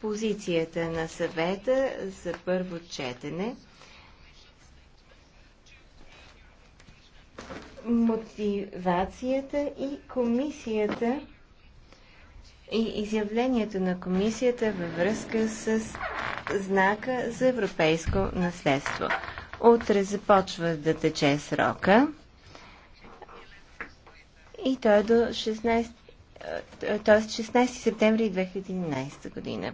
позицията на съвета за първо четене. Мотивацията и комисията и изявлението на комисията във връзка с знака за европейско наследство. Утре започва да тече срока и той е до 16 е, т.е. 16 септември 2011 година.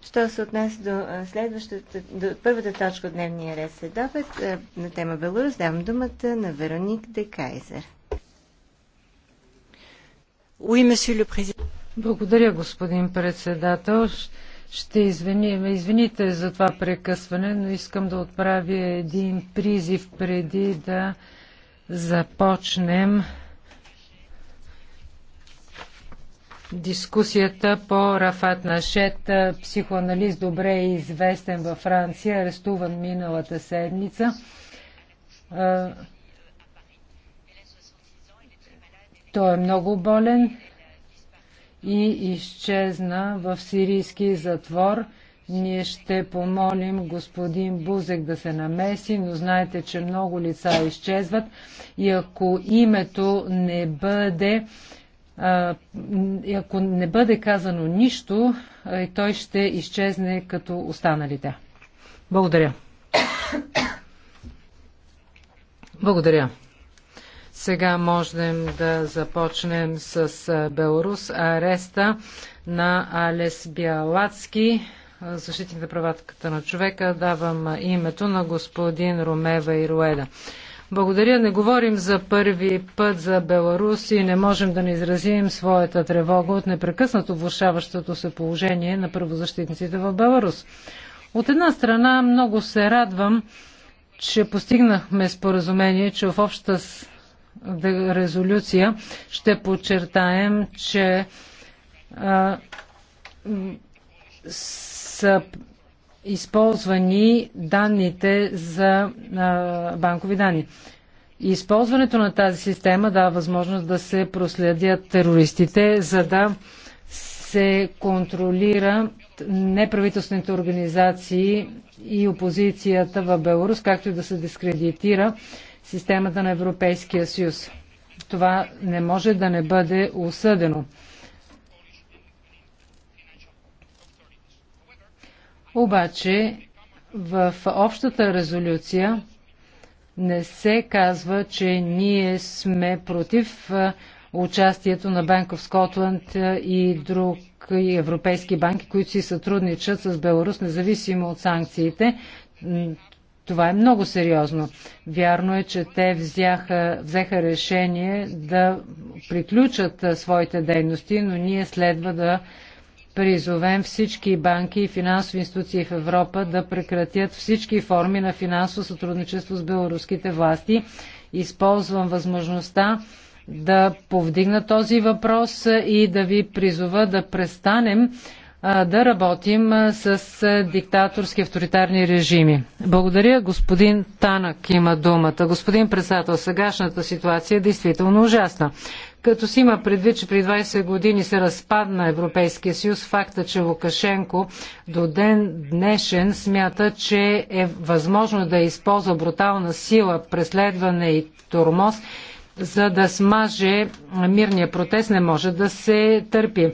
Що се отнася до е, следващата, до първата точка от дневния ред след обед, е, на тема Беларус, давам думата на Вероник Де Кайзер. Благодаря, господин председател. Ще извиня, извините за това прекъсване, но искам да отправя един призив преди да започнем дискусията по Рафат Нашет, психоаналист, добре известен във Франция, арестуван миналата седмица. Той е много болен и изчезна в сирийски затвор. Ние ще помолим господин Бузек да се намеси, но знаете, че много лица изчезват и ако името не бъде ако не бъде казано нищо, той ще изчезне като останалите. Благодаря. Благодаря. Сега можем да започнем с Беларус. Ареста на Алес Бялацки, защитник на правата на човека. Давам името на господин Ромева Ируеда. Благодаря. Не говорим за първи път за Беларус и не можем да не изразим своята тревога от непрекъснато влушаващото се положение на правозащитниците в Беларус. От една страна много се радвам, че постигнахме споразумение, че в общата резолюция ще подчертаем, че а, са използвани данните за а, банкови данни. Използването на тази система дава възможност да се проследят терористите, за да се контролира неправителствените организации и опозицията в Беларус, както и да се дискредитира системата на Европейския съюз. Това не може да не бъде осъдено. Обаче в общата резолюция не се казва, че ние сме против участието на Банк в Скотланд и друг и европейски банки, които си сътрудничат с Беларус, независимо от санкциите. Това е много сериозно. Вярно е, че те взяха, взеха решение да приключат своите дейности, но ние следва да призовем всички банки и финансови институции в Европа да прекратят всички форми на финансово сътрудничество с белоруските власти. Използвам възможността да повдигна този въпрос и да ви призова да престанем да работим с диктаторски авторитарни режими. Благодаря. Господин Танък има думата. Господин председател, сегашната ситуация е действително ужасна. Като си има предвид, че при 20 години се разпадна Европейския съюз, факта, че Лукашенко до ден днешен смята, че е възможно да използва брутална сила, преследване и тормоз, за да смаже мирния протест, не може да се търпи.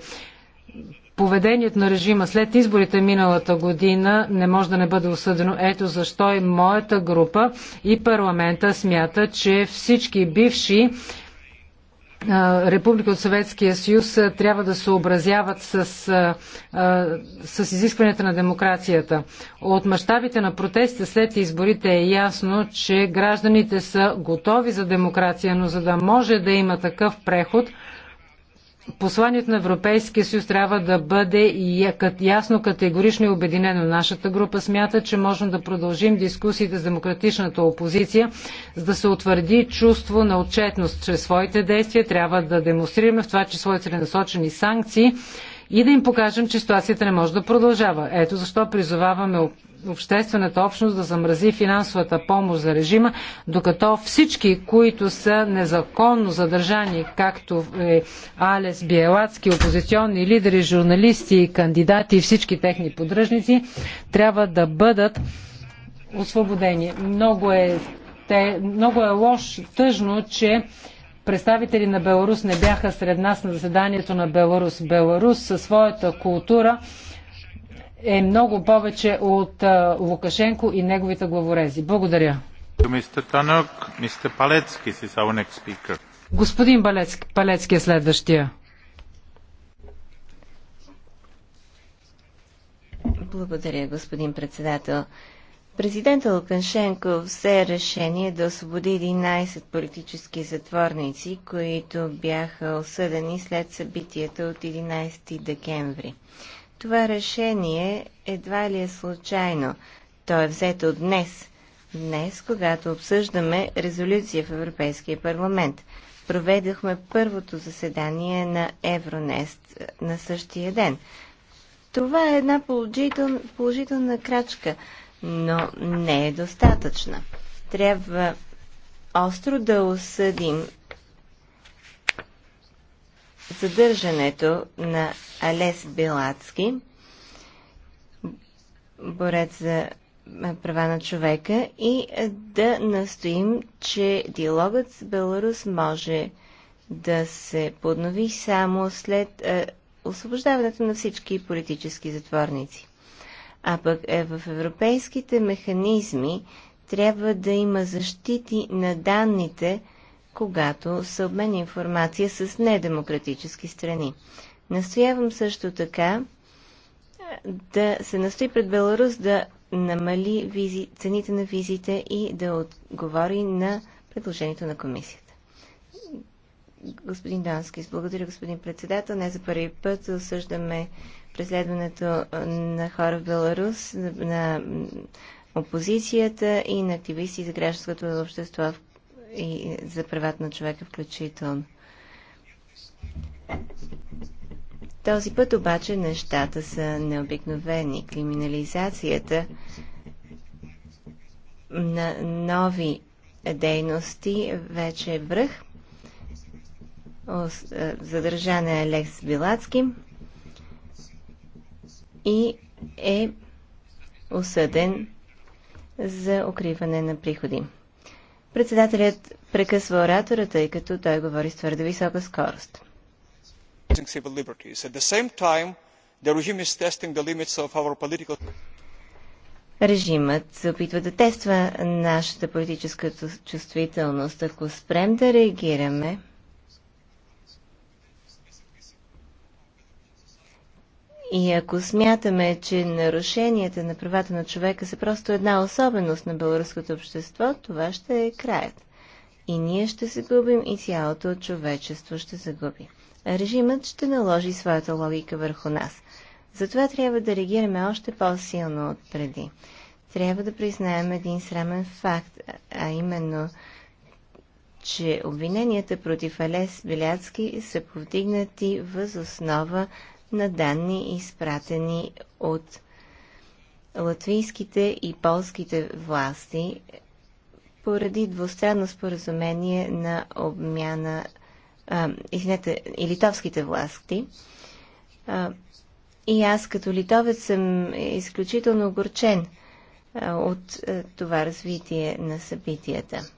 Поведението на режима след изборите миналата година не може да не бъде осъдено. Ето защо и моята група и парламента смята, че всички бивши република от Съветския съюз трябва да съобразяват с, с изискванията на демокрацията. От мащабите на протестите след изборите е ясно, че гражданите са готови за демокрация, но за да може да има такъв преход, посланието на Европейския съюз трябва да бъде ясно, категорично и обединено. Нашата група смята, че можем да продължим дискусиите с демократичната опозиция, за да се утвърди чувство на отчетност чрез своите действия. Трябва да демонстрираме в това число и целенасочени санкции и да им покажем, че ситуацията не може да продължава. Ето защо призоваваме обществената общност да замрази финансовата помощ за режима, докато всички, които са незаконно задържани, както е Алес Биелацки, опозиционни лидери, журналисти, кандидати и всички техни поддръжници, трябва да бъдат освободени. Много е, те, много е лош, тъжно, че представители на Беларус не бяха сред нас на заседанието на Беларус. Беларус със своята култура е много повече от Лукашенко и неговите главорези. Благодаря. Господин Балецки, Палецки е следващия. Благодаря, господин председател. Президентът Лукашенко взе решение да освободи 11 политически затворници, които бяха осъдени след събитията от 11 декември. Това решение едва ли е случайно. То е взето днес. Днес, когато обсъждаме резолюция в Европейския парламент. Проведохме първото заседание на Евронест е, на същия ден. Това е една положителна, положителна крачка, но не е достатъчна. Трябва остро да осъдим задържането на Алес Белацки, борец за права на човека и да настоим, че диалогът с Беларус може да се поднови само след е, освобождаването на всички политически затворници. А пък е, в европейските механизми трябва да има защити на данните, когато се обменя информация с недемократически страни. Настоявам също така да се настои пред Беларус да намали визи, цените на визите и да отговори на предложението на комисията. Господин Донски, благодаря господин председател. Не за първи път осъждаме преследването на хора в Беларус, на опозицията и на активисти за гражданското общество в и за правата на човека включително. Този път обаче нещата са необикновени. Криминализацията на нови дейности вече е връх. Е, задържан е Алекс Билацки и е осъден за укриване на приходи. Председателят прекъсва оратора, тъй като той говори с твърде висока скорост. Режимът се опитва да тества нашата политическа чувствителност. Ако спрем да реагираме, И ако смятаме, че нарушенията на правата на човека са просто една особеност на българското общество, това ще е краят. И ние ще се губим и цялото човечество ще загуби. Режимът ще наложи своята логика върху нас. Затова трябва да реагираме още по-силно от преди. Трябва да признаем един срамен факт, а именно, че обвиненията против Алес Беляцки са повдигнати въз основа на данни, изпратени от латвийските и полските власти поради двустранно споразумение на обмяна а, извинете, и литовските власти. А, и аз като литовец съм изключително огорчен а, от а, това развитие на събитията.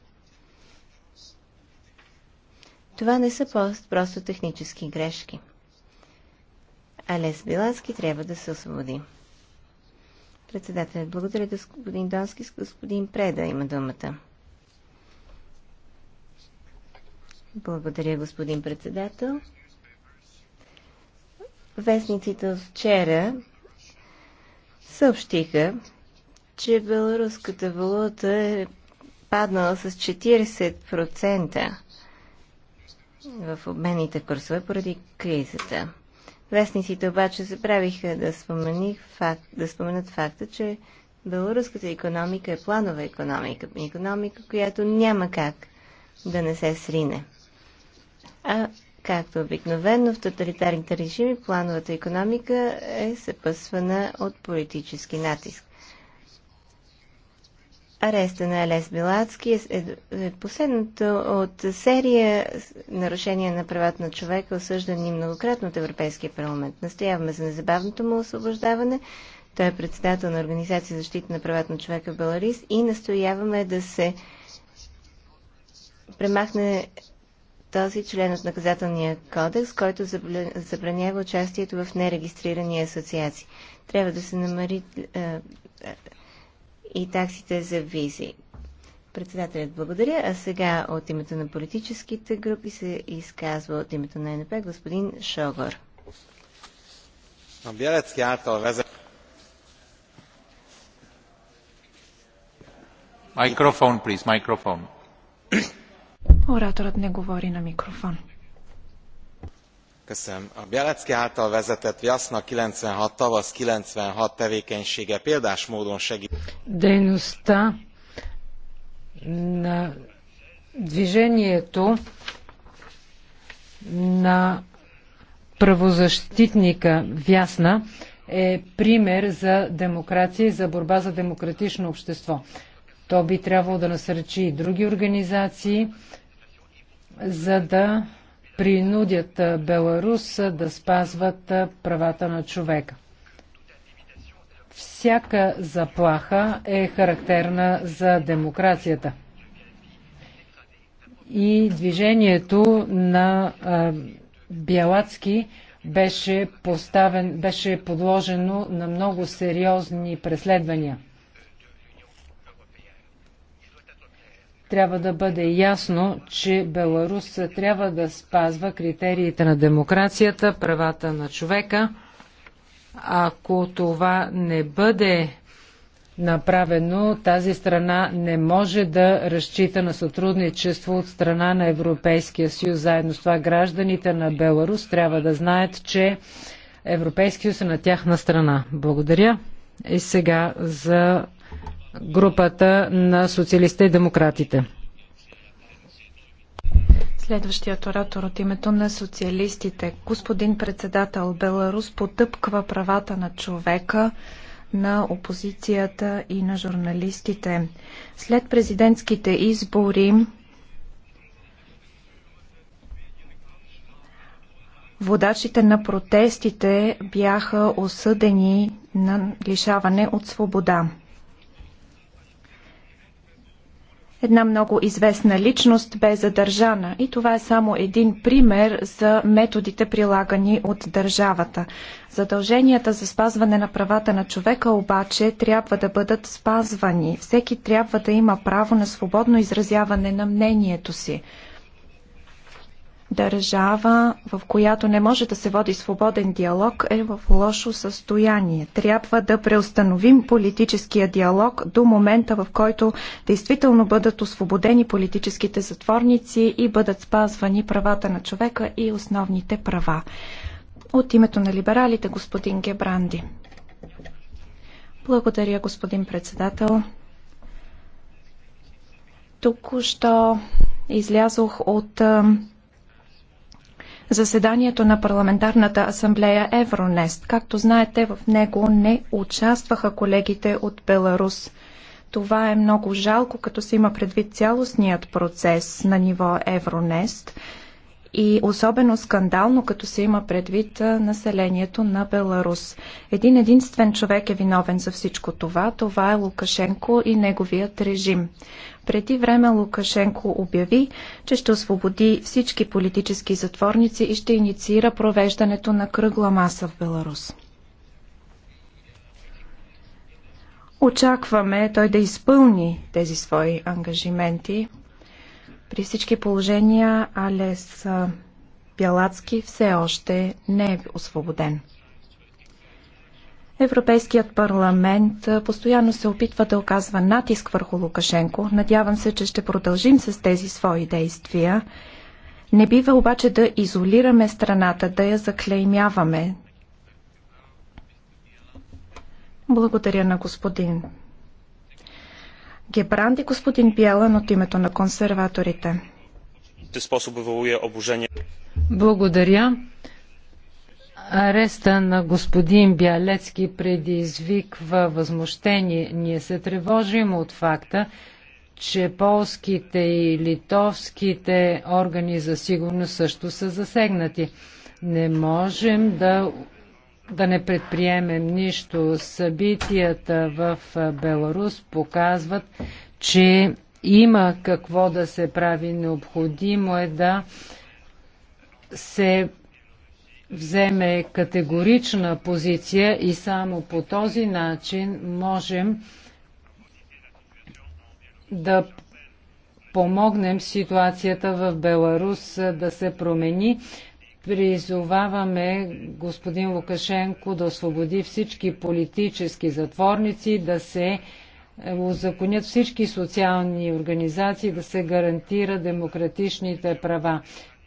Това не са просто технически грешки. Алес Билански трябва да се освободи. Председателят благодаря господин Донски с господин Преда има думата. Благодаря, господин председател. Вестниците от вчера съобщиха, че беларуската валута е паднала с 40% в обменните курсове поради кризата. Вестниците обаче забравиха да, факт, да споменат факта, че беларуската економика е планова економика. Економика, която няма как да не се срине. А както обикновено в тоталитарните режими, плановата економика е съпъсвана от политически натиск ареста на Алес Белацки е, е, е последното от серия нарушения на правата на човека, осъждани многократно от Европейския парламент. Настояваме за незабавното му освобождаване. Той е председател на Организация за защита на правата на човека в Беларис и настояваме да се премахне този член от наказателния кодекс, който забранява участието в нерегистрирани асоциации. Трябва да се намари е, и таксите за визи. Председателят благодаря, а сега от името на политическите групи се изказва от името на НП господин Шогор. Микрофон, please, микрофон. Ораторът не говори на микрофон a belsky által vezetett jasna ninety six tavasz ninety six tevékenysége példás módon дейността на движението на правозащитника Вясна е пример за демокрация и за борба за демократично общество. То би трябвало да насърчи и други организации, за да принудят Беларус да спазват правата на човека. Всяка заплаха е характерна за демокрацията. И движението на а, Бялацки беше, поставен, беше подложено на много сериозни преследвания. трябва да бъде ясно, че Беларус трябва да спазва критериите на демокрацията, правата на човека. Ако това не бъде направено, тази страна не може да разчита на сътрудничество от страна на Европейския съюз. Заедно с това гражданите на Беларус трябва да знаят, че Европейския съюз е на тяхна страна. Благодаря. И сега за групата на социалистите и демократите. Следващият оратор от името на социалистите. Господин председател, Беларус потъпква правата на човека, на опозицията и на журналистите. След президентските избори водачите на протестите бяха осъдени на лишаване от свобода. Една много известна личност бе задържана и това е само един пример за методите прилагани от държавата. Задълженията за спазване на правата на човека обаче трябва да бъдат спазвани. Всеки трябва да има право на свободно изразяване на мнението си. Държава, в която не може да се води свободен диалог, е в лошо състояние. Трябва да преустановим политическия диалог до момента, в който действително бъдат освободени политическите затворници и бъдат спазвани правата на човека и основните права. От името на либералите, господин Гебранди. Благодаря, господин председател. Току-що излязох от заседанието на парламентарната асамблея Евронест. Както знаете, в него не участваха колегите от Беларус. Това е много жалко, като се има предвид цялостният процес на ниво Евронест и особено скандално, като се има предвид населението на Беларус. Един единствен човек е виновен за всичко това. Това е Лукашенко и неговият режим. Преди време Лукашенко обяви, че ще освободи всички политически затворници и ще инициира провеждането на кръгла маса в Беларус. Очакваме той да изпълни тези свои ангажименти, при всички положения Алес Бялацки все още не е освободен. Европейският парламент постоянно се опитва да оказва натиск върху Лукашенко. Надявам се, че ще продължим с тези свои действия. Не бива обаче да изолираме страната, да я заклеймяваме. Благодаря на господин Гебранд и господин Пиелан от името на консерваторите. Благодаря. Ареста на господин Бялецки предизвиква възмущение. Ние се тревожим от факта, че полските и литовските органи за сигурност също са засегнати. Не можем да да не предприемем нищо. Събитията в Беларус показват, че има какво да се прави. Необходимо е да се вземе категорична позиция и само по този начин можем да помогнем ситуацията в Беларус да се промени, Призоваваме господин Лукашенко да освободи всички политически затворници, да се е, узаконят всички социални организации, да се гарантира демократичните права.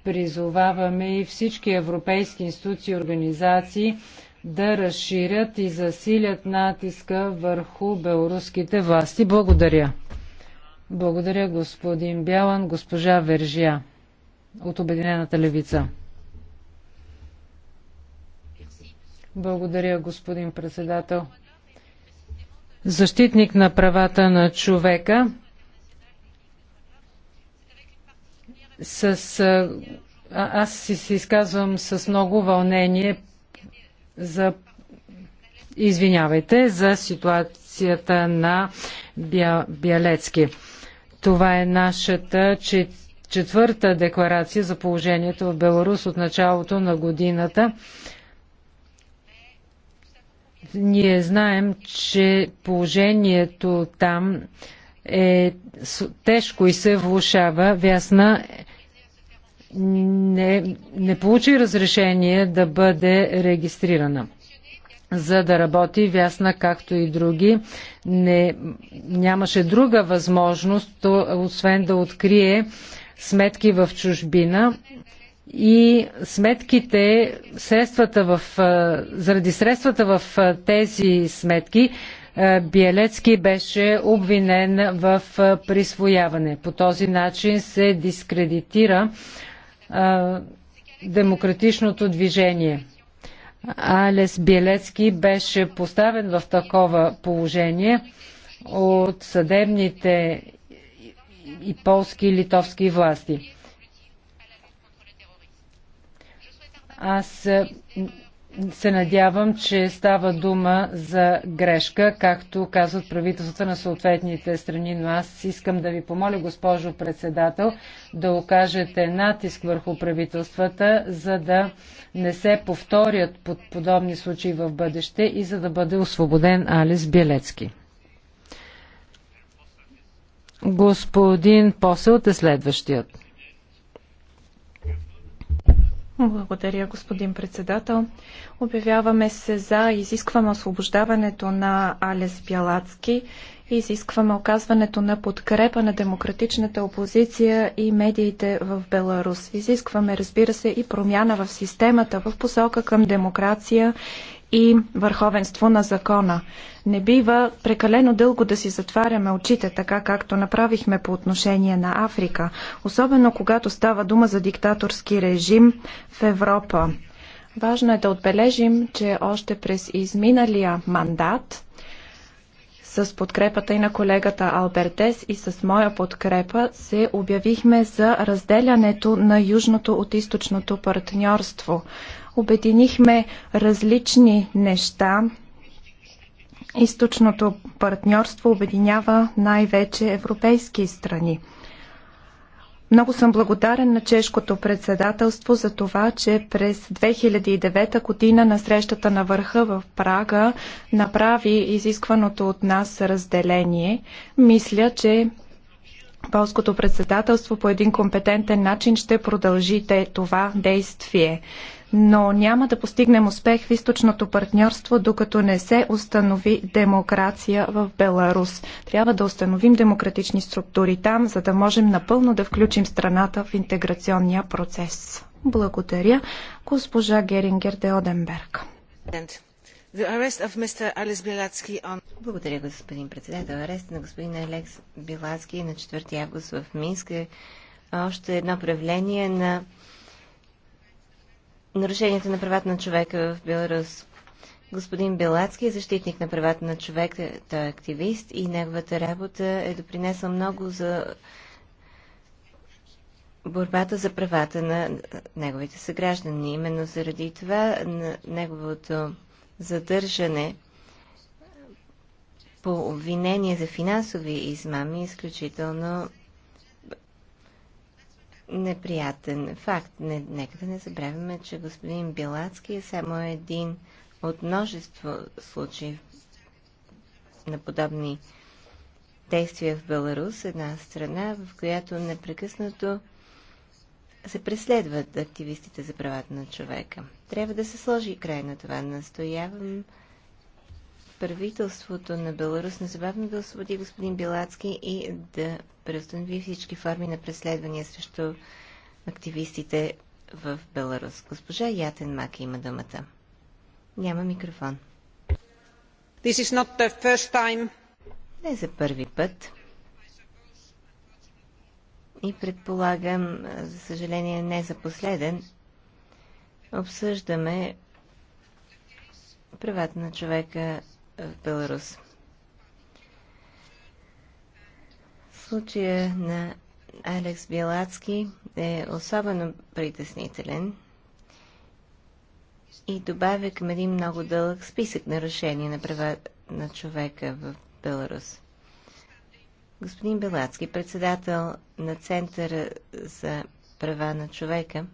Призоваваме и всички европейски институции и организации да разширят и засилят натиска върху белоруските власти. Благодаря. Благодаря господин Бялан, госпожа Вержия от Обединената левица. Благодаря, господин председател. Защитник на правата на човека с... А, аз си се изказвам с много вълнение за... Извинявайте, за ситуацията на Бя... Бялецки. Това е нашата четвърта декларация за положението в Беларус от началото на годината. Ние знаем, че положението там е тежко и се влушава. Вясна не, не получи разрешение да бъде регистрирана. За да работи Вясна, както и други, не, нямаше друга възможност, освен да открие сметки в чужбина и сметките, средствата в, заради средствата в тези сметки, Биелецки беше обвинен в присвояване. По този начин се дискредитира демократичното движение. Алес Биелецки беше поставен в такова положение от съдебните и полски и литовски власти. Аз се надявам, че става дума за грешка, както казват правителствата на съответните страни, но аз искам да ви помоля, госпожо председател, да окажете натиск върху правителствата, за да не се повторят под подобни случаи в бъдеще и за да бъде освободен Алис Белецки. Господин Посел е следващият. Благодаря, господин председател. Обявяваме се за, изискваме освобождаването на Алес Бялацки, изискваме оказването на подкрепа на демократичната опозиция и медиите в Беларус. Изискваме, разбира се, и промяна в системата в посока към демокрация и върховенство на закона. Не бива прекалено дълго да си затваряме очите, така както направихме по отношение на Африка, особено когато става дума за диктаторски режим в Европа. Важно е да отбележим, че още през изминалия мандат с подкрепата и на колегата Албертес и с моя подкрепа се обявихме за разделянето на южното от източното партньорство. Обединихме различни неща. Източното партньорство обединява най-вече европейски страни. Много съм благодарен на чешкото председателство за това, че през 2009 година на срещата на върха в Прага направи изискваното от нас разделение. Мисля, че Полското председателство по един компетентен начин ще продължите това действие но няма да постигнем успех в източното партньорство, докато не се установи демокрация в Беларус. Трябва да установим демократични структури там, за да можем напълно да включим страната в интеграционния процес. Благодаря, госпожа Герингер де Оденберг. Благодаря, господин председател. Арест на господин Алекс Билацки на 4 август в Минск е още едно проявление на нарушенията на правата на човека в Беларус. Господин Белацки е защитник на правата на човека, той е активист и неговата работа е допринесла много за борбата за правата на неговите съграждани. Именно заради това неговото задържане по обвинение за финансови измами е изключително неприятен факт. Не, нека да не забравяме, че господин Билацки е само един от множество случаи на подобни действия в Беларус, една страна, в която непрекъснато се преследват активистите за правата на човека. Трябва да се сложи край на това. Настоявам правителството на Беларус незабавно да освободи господин Билацки и да преустанови всички форми на преследвания срещу активистите в Беларус. Госпожа Ятен Маки има думата. Няма микрофон. This is not the first time. Не за първи път. И предполагам, за съжаление, не за последен, обсъждаме правата на човека в Беларус. Случая на Алекс Белацки е особено притеснителен и добавя към един много дълъг списък нарушения на права на човека в Беларус. Господин Белацки, председател на Центъра за права на човека,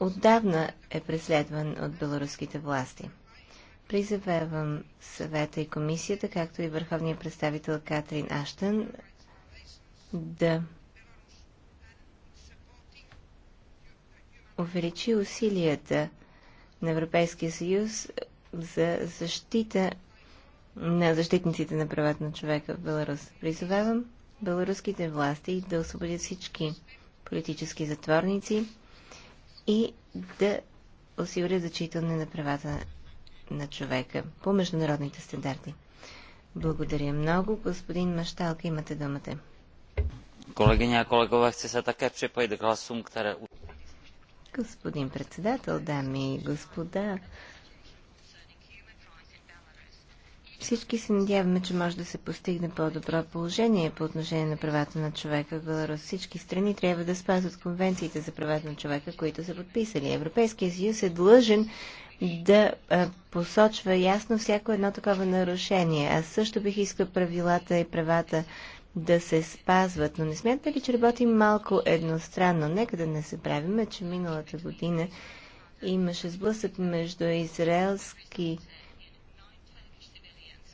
отдавна е преследван от беларуските власти. Призовавам съвета и комисията, както и върховния представител Катрин Аштън, да увеличи усилията на Европейския съюз за защита на защитниците на правата на човека в Беларус. Призовавам беларуските власти да освободят всички политически затворници и да осигурят зачитане на правата на на човека по международните стандарти. Благодаря много. Господин Машталка, имате думата. Колегиня, колегова, ще се така чепа и да гласум, ктара... Господин председател, дами и господа, всички се надяваме, че може да се постигне по-добро положение по отношение на правата на човека в Беларус. Всички страни трябва да спазват конвенциите за правата на човека, които са подписали. Европейския съюз е длъжен да посочва ясно всяко едно такова нарушение. Аз също бих искал правилата и правата да се спазват, но не смятате ли, че работим малко едностранно? Нека да не се правиме, че миналата година имаше сблъсък между израелски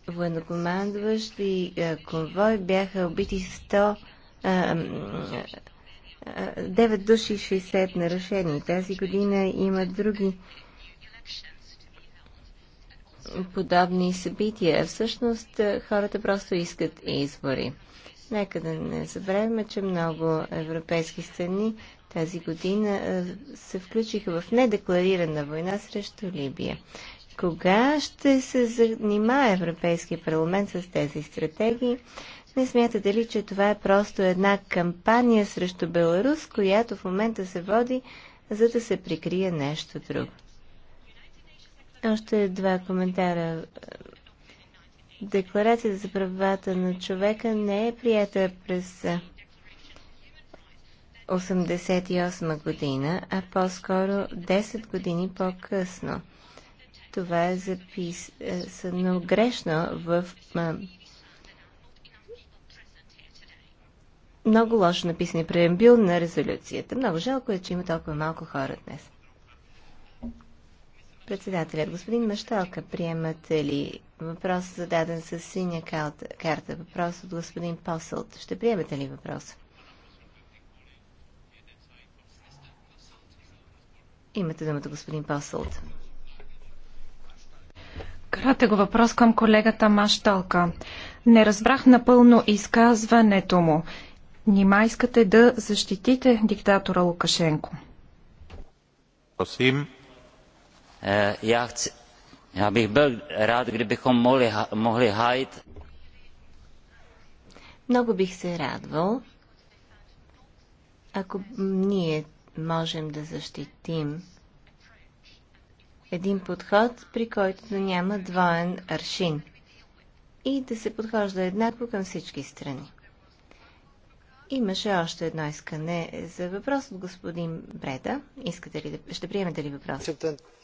военнокомандващи конвой. Бяха убити 100 9 души 60 нарушени. Тази година има други подобни събития. Всъщност е, хората просто искат избори. Нека да не забравяме, че много европейски страни тази година е, се включиха в недекларирана война срещу Либия. Кога ще се занимава Европейския парламент с тези стратегии? Не смятате ли, че това е просто една кампания срещу Беларус, която в момента се води, за да се прикрие нещо друго? Още два коментара. Декларацията за правата на човека не е прията през 1988 година, а по-скоро 10 години по-късно. Това е записано грешно в много лошо написани преембил на резолюцията. Много жалко е, че има толкова малко хора днес. Председателят, господин Машталка, приемате ли въпрос зададен с синя карта? Въпрос от господин Посълт. Ще приемете ли въпрос? Имате думата, господин Посълт. Кратък въпрос към колегата Машталка. Не разбрах напълно изказването му. Нима искате да защитите диктатора Лукашенко? Просим. Eh, já bych byl rád, kdybychom mohli hájit. Много бих се радвал, ако ние можем да защитим един подход, при който да няма двоен аршин и да се подхожда еднакво към всички страни. Имаше още едно искане за въпрос от господин Бреда. Искате ли да... Ще приемете ли въпрос?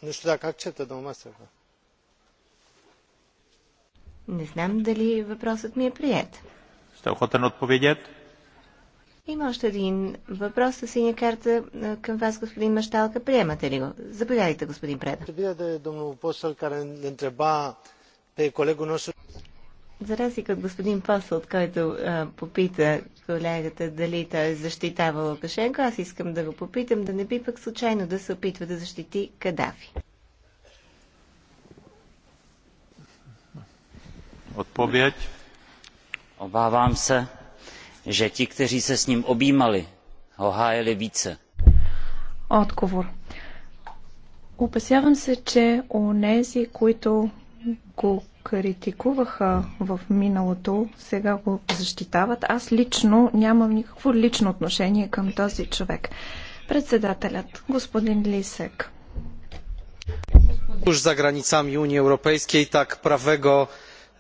Нещо да, как чета да ума Не знам дали въпросът ми е прият. Сте охотен отповедят? Има още един въпрос със синя карта към вас, господин Машталка. Приемате ли го? Заповядайте, господин Преда. Trebuie de domnul Postel care întrebat пе colegul nostru за разлика от господин от който а, попита колегата дали той е защитава Лукашенко, аз искам да го попитам да не би пък случайно да се опитва да защити Кадафи. Odpověď. Obávám se, že ti, kteří se s ním objímali, ho hájili více. Отговор. Опасявам се, че онези, които го критикуваха в миналото, сега го защитават. Аз лично нямам никакво лично отношение към този човек. Председателят, господин Лисек. Już za granicami Unii Europejskiej tak prawego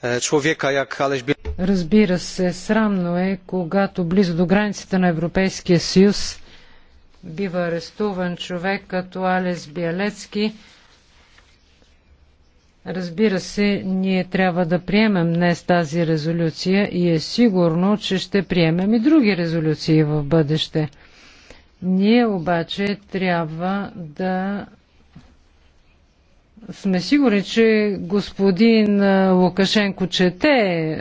e, człowieka jak Aleś Разбира се, срамно е, когато близо до границите на Европейския съюз бива арестуван човек като Алес Биалецки, Разбира се, ние трябва да приемем днес тази резолюция и е сигурно, че ще приемем и други резолюции в бъдеще. Ние обаче трябва да сме сигурни, че господин Лукашенко чете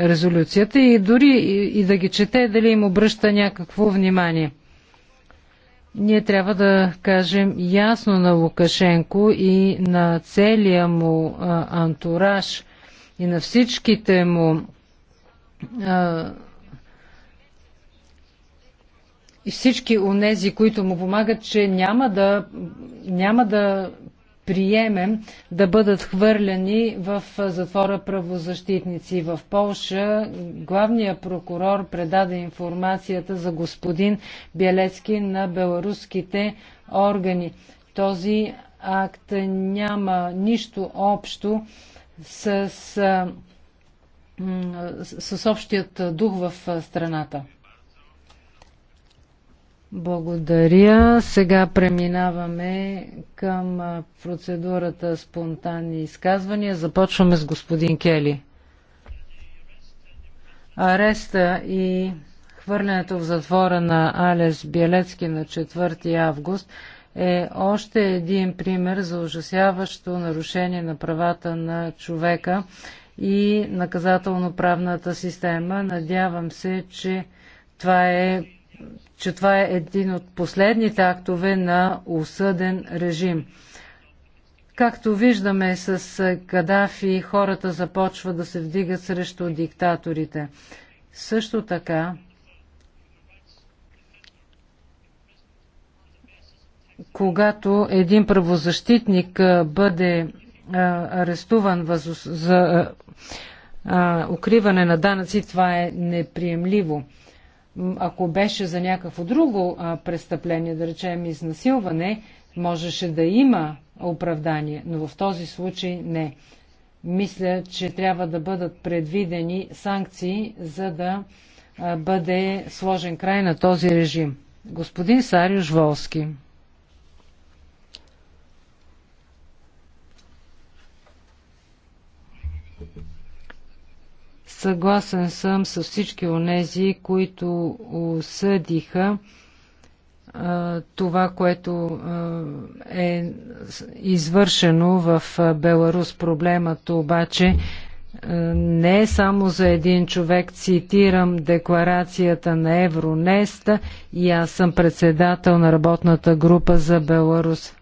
резолюцията и дори и да ги чете, дали им обръща някакво внимание. Ние трябва да кажем ясно на Лукашенко и на целия му а, антураж и на всичките му а, и всички онези, които му помагат, че няма да, няма да приемем да бъдат хвърляни в затвора правозащитници. В Полша главният прокурор предаде информацията за господин Белецки на беларуските органи. Този акт няма нищо общо с, с, с общият дух в страната. Благодаря. Сега преминаваме към процедурата спонтанни изказвания. Започваме с господин Кели. Ареста и хвърлянето в затвора на Алес Белецки на 4 август е още един пример за ужасяващо нарушение на правата на човека и наказателно-правната система. Надявам се, че това е че това е един от последните актове на осъден режим. Както виждаме с Кадафи, хората започват да се вдигат срещу диктаторите. Също така, когато един правозащитник бъде арестуван за укриване на данъци, това е неприемливо ако беше за някакво друго престъпление, да речем изнасилване, можеше да има оправдание, но в този случай не. Мисля, че трябва да бъдат предвидени санкции, за да бъде сложен край на този режим. Господин Сариуш Волски. Съгласен съм с всички онези, които осъдиха това, което е извършено в Беларус. Проблемът обаче не е само за един човек. Цитирам декларацията на Евронеста и аз съм председател на работната група за Беларус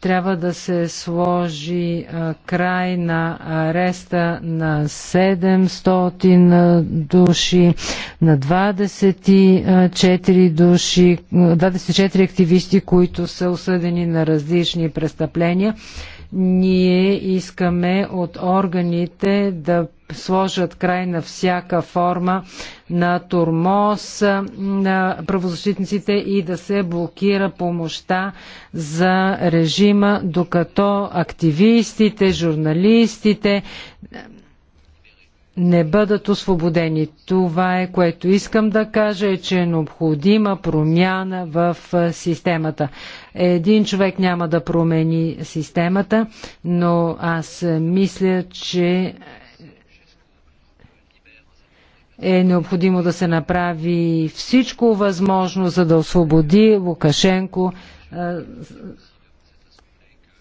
трябва да се сложи а, край на ареста на 700 души, на 24 души, 24 активисти, които са осъдени на различни престъпления. Ние искаме от органите да сложат край на всяка форма на тормоз на правозащитниците и да се блокира помощта за режима, докато активистите, журналистите не бъдат освободени. Това е което искам да кажа, е, че е необходима промяна в системата. Един човек няма да промени системата, но аз мисля, че е необходимо да се направи всичко възможно, за да освободи Лукашенко е,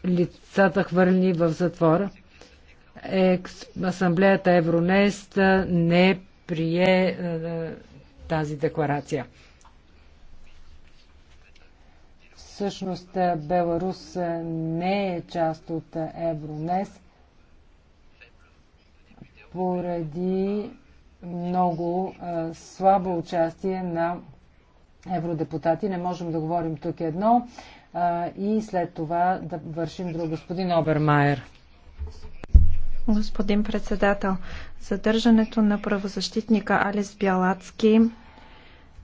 лицата хвърлени в затвора. Асамблеята Евронест не прие е, тази декларация. Всъщност е, Беларус не е част от Евронес поради много а, слабо участие на евродепутати. Не можем да говорим тук едно а, и след това да вършим друго. Господин Обермайер. Господин председател, задържането на правозащитника Алис Бялацки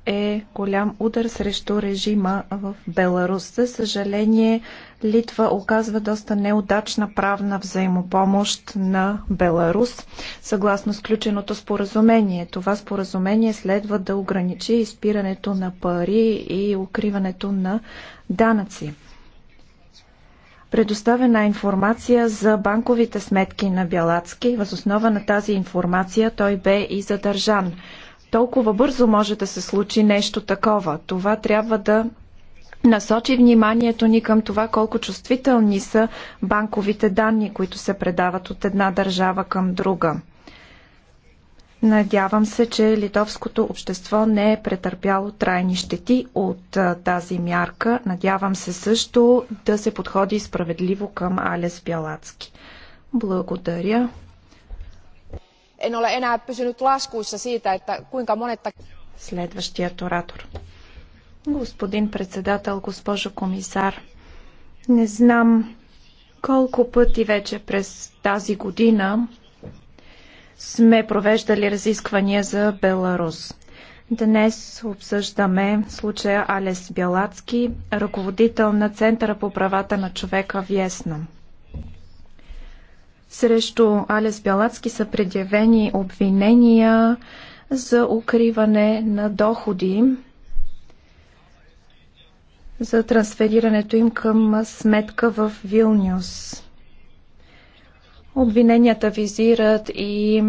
е голям удар срещу режима в Беларус. За съжаление, Литва оказва доста неудачна правна взаимопомощ на Беларус, съгласно сключеното споразумение. Това споразумение следва да ограничи изпирането на пари и укриването на данъци. Предоставена информация за банковите сметки на Бялацки. Възоснова на тази информация той бе и задържан толкова бързо може да се случи нещо такова. Това трябва да насочи вниманието ни към това колко чувствителни са банковите данни, които се предават от една държава към друга. Надявам се, че литовското общество не е претърпяло трайни щети от а, тази мярка. Надявам се също да се подходи справедливо към Алес Бялацки. Благодаря en ole enää pysynyt laskuissa siitä, että kuinка monetta... Следващият оратор. Господин председател, госпожо комисар, не знам колко пъти вече през тази година сме провеждали разисквания за Беларус. Днес обсъждаме случая Алес Бялацки, ръководител на Центъра по правата на човека в Виесна. Срещу Алес Бялацки са предявени обвинения за укриване на доходи за трансферирането им към сметка в Вилнюс. Обвиненията визират и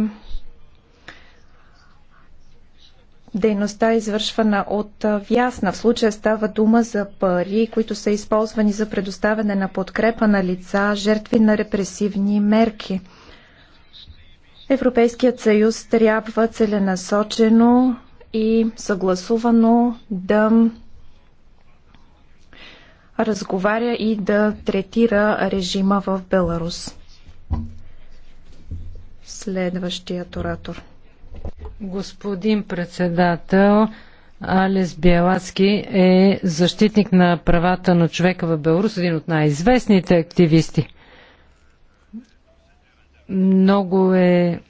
дейността е извършвана от Вясна. В случая става дума за пари, които са използвани за предоставяне на подкрепа на лица, жертви на репресивни мерки. Европейският съюз трябва целенасочено и съгласувано да разговаря и да третира режима в Беларус. Следващият оратор. Господин председател, Алес Бялацки е защитник на правата на човека в Беларус, един от най-известните активисти. Много е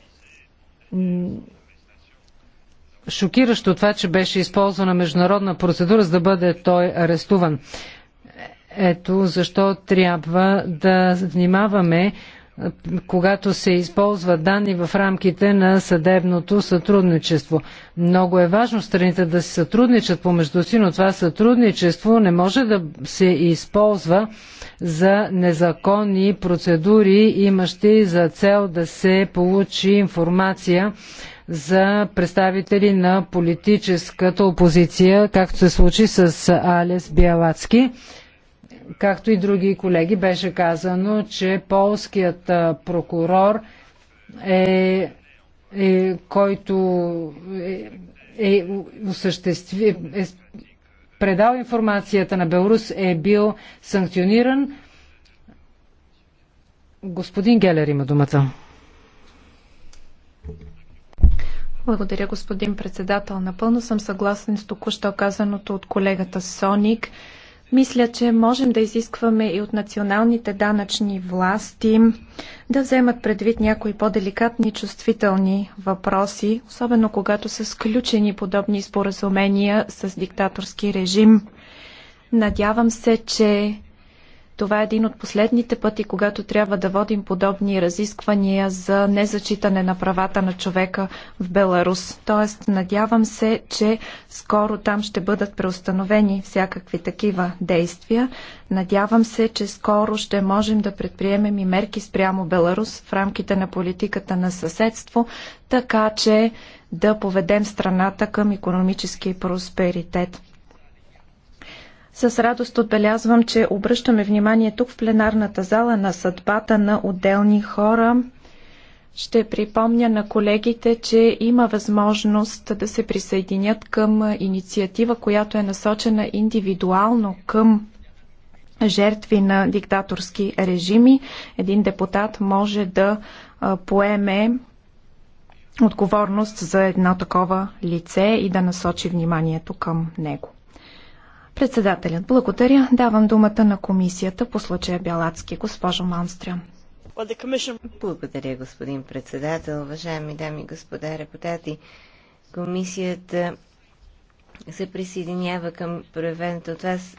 шокиращо това, че беше използвана международна процедура, за да бъде той арестуван. Ето защо трябва да внимаваме когато се използват данни в рамките на съдебното сътрудничество. Много е важно страните да се сътрудничат помежду си, но това сътрудничество не може да се използва за незаконни процедури, имащи за цел да се получи информация за представители на политическата опозиция, както се случи с Алес Биалацки. Както и други колеги беше казано, че полският прокурор е, е който е, е, осъществи, е, е предал информацията на Белорус, е бил санкциониран. Господин Гелер има думата. Благодаря, господин председател. Напълно съм съгласен с току-що казаното от колегата Соник. Мисля, че можем да изискваме и от националните данъчни власти да вземат предвид някои по-деликатни чувствителни въпроси, особено когато са сключени подобни споразумения с диктаторски режим. Надявам се, че това е един от последните пъти, когато трябва да водим подобни разисквания за незачитане на правата на човека в Беларус. Тоест, надявам се, че скоро там ще бъдат преустановени всякакви такива действия. Надявам се, че скоро ще можем да предприемем и мерки спрямо Беларус в рамките на политиката на съседство, така че да поведем страната към економически просперитет. С радост отбелязвам, че обръщаме внимание тук в пленарната зала на съдбата на отделни хора. Ще припомня на колегите, че има възможност да се присъединят към инициатива, която е насочена индивидуално към жертви на диктаторски режими. Един депутат може да поеме отговорност за едно такова лице и да насочи вниманието към него. Председателят, благодаря. Давам думата на комисията по случая Бялацки. Госпожо Малмстрям. Благодаря, господин председател. Уважаеми дами и господа депутати, комисията се присъединява към проявената от вас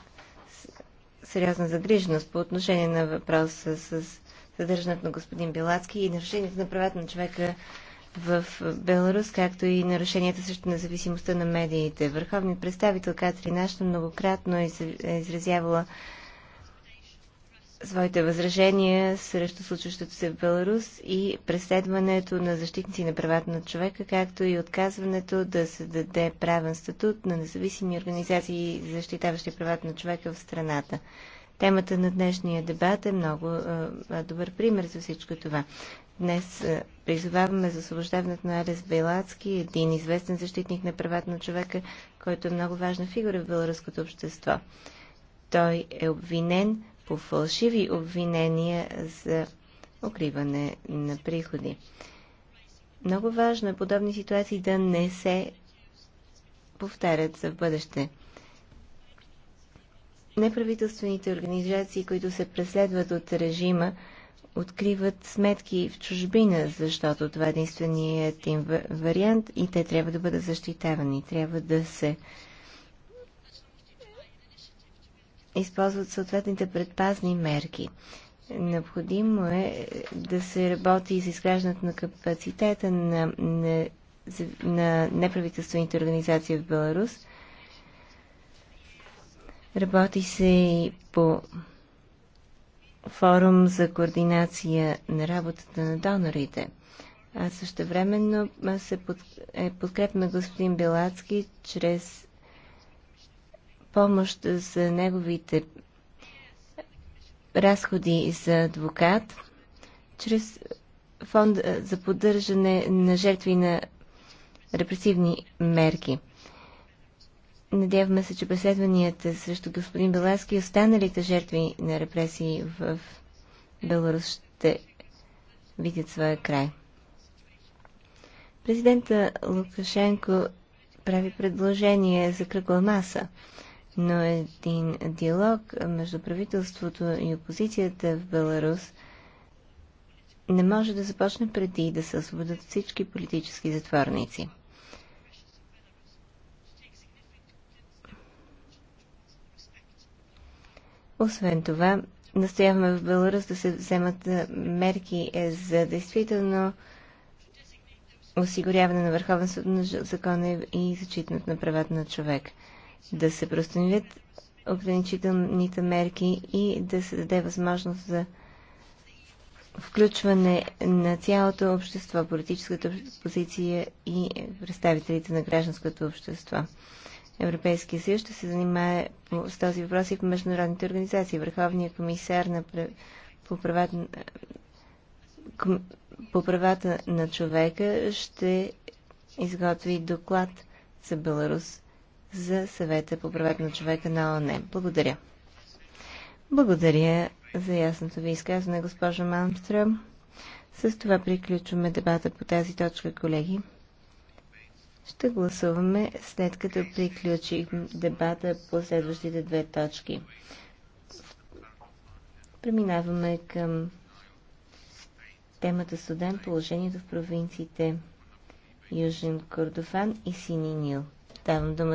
сериозна загриженост по отношение на въпроса с съдържането на господин Белацки и нарушението на правата на човека в Беларус, както и нарушенията срещу независимостта на медиите. Върховният представител Катрин Ашна многократно е, е изразявала своите възражения срещу случващото се в Беларус и преследването на защитници на правата на човека, както и отказването да се даде правен статут на независими организации, защитаващи правата на човека в страната. Темата на днешния дебат е много е, е добър пример за всичко това. Днес е, призоваваме за освобождаването на Арес Белацки, един известен защитник на правата на човека, който е много важна фигура в българското общество. Той е обвинен по фалшиви обвинения за укриване на приходи. Много важно е подобни ситуации да не се повтарят за в бъдеще. Неправителствените организации, които се преследват от режима, откриват сметки в чужбина, защото това е единственият им вариант и те трябва да бъдат защитавани. Трябва да се използват съответните предпазни мерки. Необходимо е да се работи и за изграждането на капацитета на, на, на неправителствените организации в Беларус. Работи се и по форум за координация на работата на донорите. А също времено се под, е подкрепен на господин Белацки чрез помощ за неговите разходи за адвокат, чрез фонд за поддържане на жертви на репресивни мерки. Надяваме се, че преследванията срещу господин Беласки и останалите жертви на репресии в Беларус ще видят своя край. Президента Лукашенко прави предложение за кръгла маса, но един диалог между правителството и опозицията в Беларус не може да започне преди да се освободят всички политически затворници. Освен това, настояваме в Беларус да се вземат мерки е, за действително осигуряване на върховенството на закона и зачитането на правата на човек. Да се простановят ограничителните мерки и да се даде възможност за включване на цялото общество, политическата позиция и е, представителите на гражданското общество. Европейския съюз ще се занимае с този въпрос и в международните организации. Върховният комисар на, по, правата, по правата на човека ще изготви доклад за Беларус за съвета по правата на човека на ООН. Благодаря. Благодаря за ясното ви изказване, госпожа Малмстрем. С това приключваме дебата по тази точка, колеги ще гласуваме след като приключим дебата по следващите две точки. Преминаваме към темата Судан, положението в провинциите Южен Кордофан и Сини Нил. Давам дума